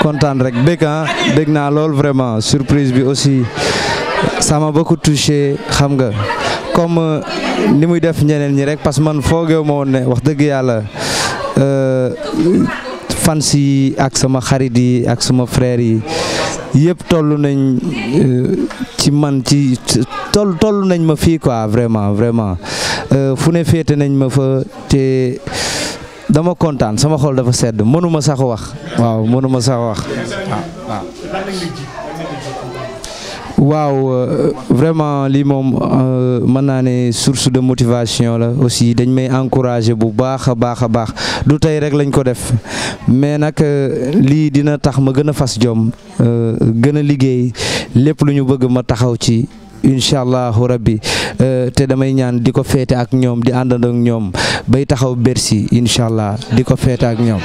kontaan rek bëgg ah naa lool vraiment surprise bi aussi ça m'a beaucoup touché xam nga comme euh, ni muy def ñeneen ñi rek parce que man foogeewu ma woon ne wax dëgg yàlla euh, fans yi ak sama xarit yi ak sama frère yi yëpp toll nañ euh, ci man ci toll nañ ma fi quoi vraiment vraiment fu féete nañ ma fa te. dama kontaan sama xol dafa sedd mënuma sax wax waaw mënuma sax wax waaw waaw euh, vraiment lii moom euh, mën naa ne source de motivation la aussi dañ may encourager bu baax a baax a baax du tey rek lañ ko def mais nag euh, lii dina tax ma gën a fas jom gën a liggéey lépp lu ñu bëgg ma taxaw ci incha allahu rabbi euh, te damay ñaan di ko feete ak ñoom di àndandoo ñoom bay taxaw bersi incha allah di ko feete ak ñoom.